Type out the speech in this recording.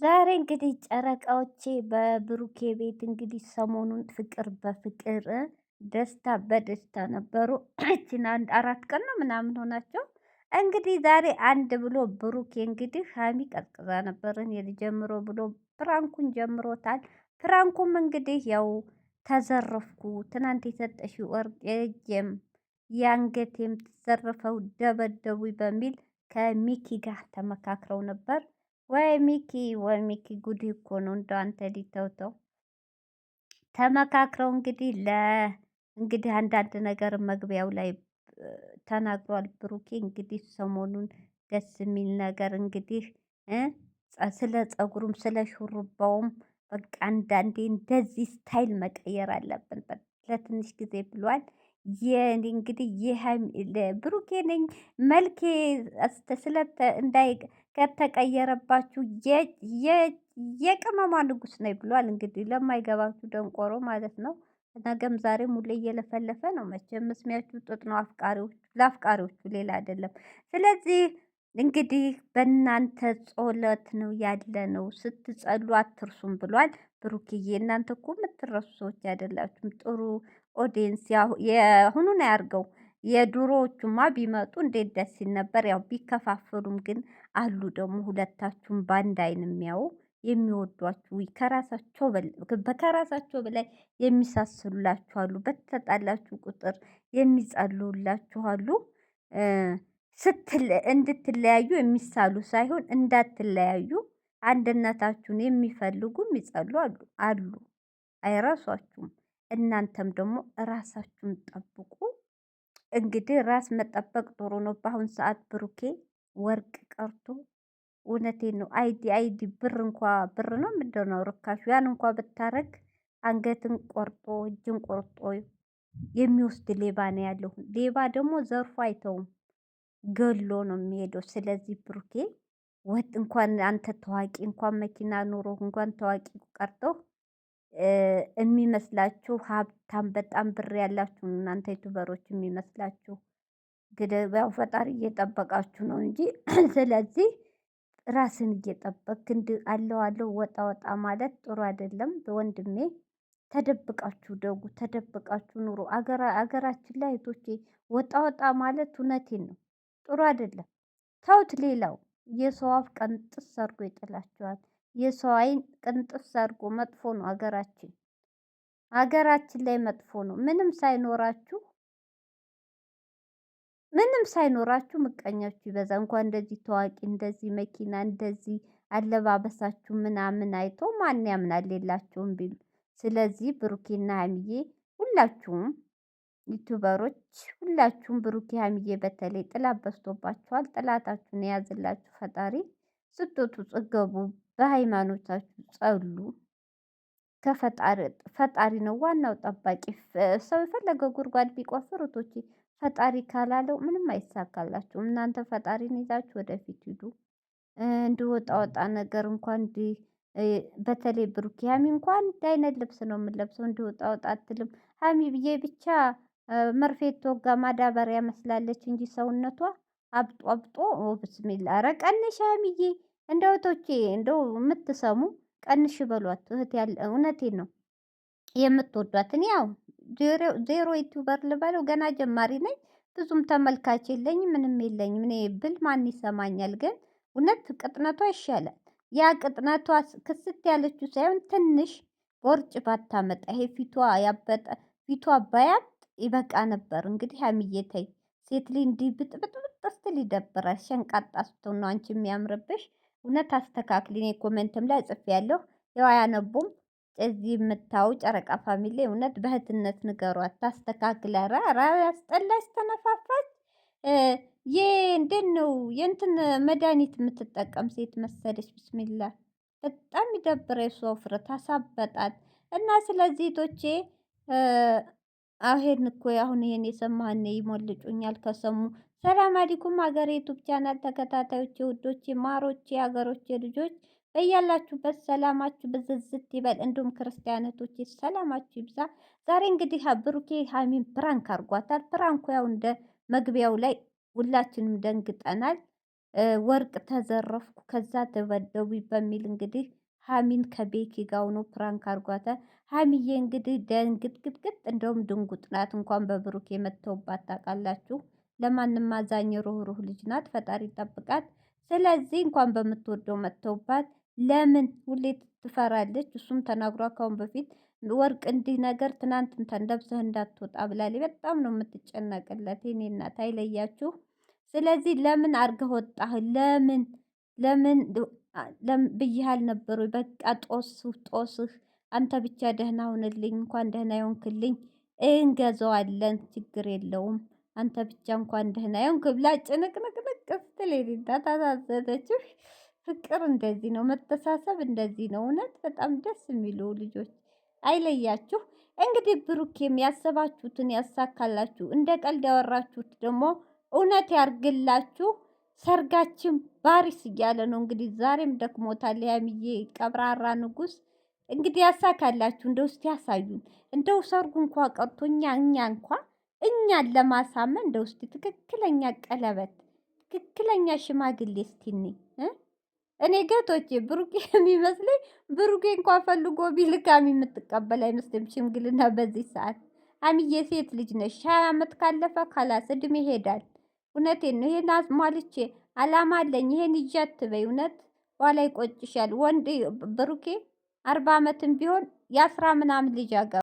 ዛሬ እንግዲህ ጨረቃዎቼ በብሩኬ ቤት እንግዲህ ሰሞኑን ፍቅር በፍቅር ደስታ በደስታ ነበሩ። እችን አንድ አራት ቀን ነው ምናምን ሆናቸው። እንግዲህ ዛሬ አንድ ብሎ ብሩኬ እንግዲህ ሀሚ ቀዝቅዛ ነበርን የልጀምሮ ብሎ ፕራንኩን ጀምሮታል። ፕራንኩም እንግዲህ ያው ተዘረፍኩ፣ ትናንት የሰጠሽ ወርቅ የእጄም የአንገቴም ተዘረፈው፣ ደበደቡኝ በሚል ከሚኪ ጋር ተመካክረው ነበር። ወይ ሚኪ ወይ ሚኪ ጉድ እኮ ነው እንደ አንተ ሊተውተው ተመካክረው እንግዲህ ለ እንግዲህ አንዳንድ ነገር መግቢያው ላይ ተናግሯል ብሩኬ። እንግዲህ ሰሞኑን ደስ የሚል ነገር እንግዲህ ስለ ፀጉሩም ስለ ሹሩባውም በቃ አንዳንዴ እንደዚህ ስታይል መቀየር አለብን ለትንሽ ጊዜ ብሏል። እንግዲህ ይህ ብሩኬ ነኝ መልኬ ስለ ከተቀየረባችሁ የቅመማ ንጉስ ነው ብሏል። እንግዲህ ለማይገባችሁ ደንቆሮ ማለት ነው። ነገም ዛሬ ሙሌ እየለፈለፈ ነው። መቼም መስሚያችሁ ጥጥ ነው አፍቃሪዎች፣ ለአፍቃሪዎቹ ሌላ አይደለም። ስለዚህ እንግዲህ በእናንተ ጾለት ነው ያለ ነው። ስትጸሉ አትርሱም ብሏል ብሩክዬ። እናንተ እኮ የምትረሱ ሰዎች አይደላችሁም። ጥሩ ኦዲየንስ የአሁኑን አያርገው የድሮዎቹማ ቢመጡ እንዴት ደስ ሲል ነበር። ያው ቢከፋፈሉም ግን አሉ ደግሞ ሁለታችሁም በአንድ አይን የሚያዩ የሚወዷችሁ ከራሳቸው በላይ የሚሳስሉላችሁ አሉ። በተጣላችሁ ቁጥር የሚጸልዩላችሁ አሉ። እንድትለያዩ የሚሳሉ ሳይሆን እንዳትለያዩ አንድነታችሁን የሚፈልጉ የሚጸሉ አሉ አሉ አይረሷችሁም። እናንተም ደግሞ ራሳችሁን ጠብቁ እንግዲህ ራስ መጠበቅ ጥሩ ነው። በአሁን ሰዓት ብሩኬ ወርቅ ቀርቶ እውነቴ ነው። አይዲ አይዲ ብር እንኳ ብር ነው ምንድን ነው ርካሹ? ያን እንኳ ብታረግ አንገትን ቆርጦ እጅን ቆርጦ የሚወስድ ሌባ ነው ያለው። ሌባ ደግሞ ዘርፎ አይተውም ገሎ ነው የሚሄደው። ስለዚህ ብሩኬ ወጥ እንኳን አንተ ታዋቂ እንኳን መኪና ኑሮ እንኳን ታዋቂ ቀርተው የሚመስላችሁ ሀብታም በጣም ብር ያላችሁ እናንተ ዩቱበሮች የሚመስላችሁ ግደባው ፈጣሪ እየጠበቃችሁ ነው እንጂ። ስለዚህ ራስን እየጠበቅ እንድ አለው አለው ወጣ ወጣ ማለት ጥሩ አይደለም በወንድሜ ተደብቃችሁ ደጉ ተደብቃችሁ ኑሮ አገራችን ላይ እህቶቼ፣ ወጣ ወጣ ማለት እውነቴን ነው ጥሩ አይደለም። ተውት፣ ሌላው የሰው አፍ ቀንጥስ ሰርጎ ይጥላችኋል። የሰው አይን ቅንጥስ አድርጎ መጥፎ ነው። አገራችን አገራችን ላይ መጥፎ ነው። ምንም ሳይኖራችሁ ምንም ሳይኖራችሁ ምቀኛችሁ ይበዛ። እንኳን እንደዚህ ታዋቂ እንደዚህ መኪና እንደዚህ አለባበሳችሁ ምናምን አይቶ ማን ያምናል? የላችሁም ቢሉ። ስለዚህ ብሩኬና ሀሚዬ ሁላችሁም ዩቱበሮች ሁላችሁም ብሩኬ ሀሚዬ በተለይ ጥላት በዝቶባችኋል። ጥላታችሁን የያዝላችሁ ፈጣሪ ስትወጡ ጽገቡ በሃይማኖታችሁ ጸሉ። ከፈጣሪ ፈጣሪ ነው ዋናው ጠባቂ። ሰው የፈለገው ጉድጓድ ቢቆፍር እህቶቼ ፈጣሪ ካላለው ምንም አይሳካላችሁም። እናንተ ፈጣሪን ይዛችሁ ወደፊት ሂዱ። እንዲህ ወጣ ነገር እንኳን እንዲህ በተለይ ብሩክ ሀሚ እንኳን እንደ አይነት ልብስ ነው የምንለብሰው። እንዲህ ወጣ አትልም ሀሚ ብዬ ብቻ መርፌ ተወጋ ማዳበሪያ መስላለች እንጂ ሰውነቷ አብጦ አብጦ ብስሚላ ኧረ ቀንሽ ሀሚዬ እንደ እህቶቼ እንደው የምትሰሙ ቀንሽ በሏት። እህት ያለ እውነቴን ነው የምትወዷትን ያው ዜሮ ዩቲዩበር ልበለው ገና ጀማሪ ነኝ። ብዙም ተመልካች የለኝ ምንም የለኝም። እኔ ብል ማን ይሰማኛል? ግን እውነት ቅጥነቷ ይሻላል። ያ ቅጥነቷ ክስት ያለችው ሳይሆን ትንሽ ቦርጭ ባታመጣ ይሄ ፊቷ ያበጠ ፊቷ ባያብጥ ይበቃ ነበር። እንግዲህ አምየተይ ሴት ልጅ እንዲህ ብጥብጥብጥ ስትል ይደብራል። ሸንቃጣ ስትሆን ነው አንቺ የሚያምርብሽ። እውነት አስተካክል። እኔ ኮሜንትም ላይ ጽፌያለሁ፣ ያው አያነቡም። እዚህ የምታው ጨረቃ ፋሚሊ እውነት በእህትነት ንገሯት ታስተካክል። ኧረ ኧረ ያስጠላች ተነፋፋች። ይሄ እንዴት ነው የእንትን መድኃኒት የምትጠቀም ሴት መሰለች። ብስሚላ በጣም ይደብረ የሷ ውፍረት እና ስለዚህ ቶቼ አሄን እኮ አሁን ይሄን የሰማህን ይሞልጩኛል ከሰሙ ሰላም አሊኩም ሀገር ዩቱብ ቻናል ተከታታዮች ውዶች፣ ማሮች፣ የሀገሮች ልጆች በያላችሁበት ሰላማችሁ ብዝዝት ይበል። እንዲሁም ክርስቲያነቶች ሰላማችሁ ይብዛ። ዛሬ እንግዲህ ብሩኬ ሀሚን ፕራንክ አርጓታል። ፕራንኩ ያው እንደ መግቢያው ላይ ሁላችንም ደንግጠናል። ወርቅ ተዘረፍኩ ከዛ ተበደቡ በሚል እንግዲህ ሀሚን ከቤኪ ጋው ነው ፕራንክ አርጓታል። ሀሚዬ እንግዲህ ደንግጥግጥግጥ እንደውም ድንጉጥናት እንኳን በብሩኬ መጥተውባት ታውቃላችሁ። ለማንም አዛኝ ሩህሩህ ልጅ ናት። ፈጣሪ ይጠብቃት። ስለዚህ እንኳን በምትወደው መጥተውባት ለምን ሁሌ ትፈራለች። እሱም ተናግሯ ካሁን በፊት ወርቅ እንዲህ ነገር ትናንት ተንደብሰህ እንዳትወጣ ብላል። በጣም ነው የምትጨነቅለት። የኔ እናት አይለያችሁ። ስለዚህ ለምን አርገህ ወጣህ? ለምን ለምን ብያሃል ነበሩ። በቃ ጦስህ ጦስህ አንተ ብቻ ደህና ሁንልኝ፣ እንኳን ደህና ይሆንክልኝ፣ እንገዘዋለን፣ ችግር የለውም አንተ ብቻ እንኳን ደህና ይሁንክ ብላ ጭንቅንቅንቅ ስትል ታሳዘነችው። ፍቅር እንደዚህ ነው፣ መተሳሰብ እንደዚህ ነው። እውነት በጣም ደስ የሚሉ ልጆች አይለያችሁ። እንግዲህ ብሩኬም ያሰባችሁትን ያሳካላችሁ፣ እንደ ቀልድ ያወራችሁት ደግሞ እውነት ያርግላችሁ። ሰርጋችን ባሪስ እያለ ነው እንግዲህ ዛሬም ደክሞታል። ያምዬ ቀብራራ ንጉስ እንግዲህ ያሳካላችሁ። እንደው እስቲ ያሳዩን። እንደው ሰርጉ እንኳ ቀርቶ እኛ እኛ እንኳ እኛን ለማሳመን እንደው እስቲ ትክክለኛ ቀለበት ትክክለኛ ሽማግሌ እስቲኒ እኔ ገቶቼ ብሩኬ የሚመስለኝ ብሩኬ እንኳ ፈልጎ ቢልካ የምትቀበል አይመስልም። ሽምግልና በዚህ ሰዓት አሚዬ ሴት ልጅ ነሽ። ሀያ ዓመት ካለፈ ካላስ እድሜ ይሄዳል። እውነቴን ነው። ይሄን አሟልቼ አላማ አለኝ ይሄን ይዤ አትበይ። እውነት ኋላ ይቆጭሻል። ወንድ ብሩኬ አርባ ዓመትም ቢሆን የአስራ ምናምን ልጅ አጋ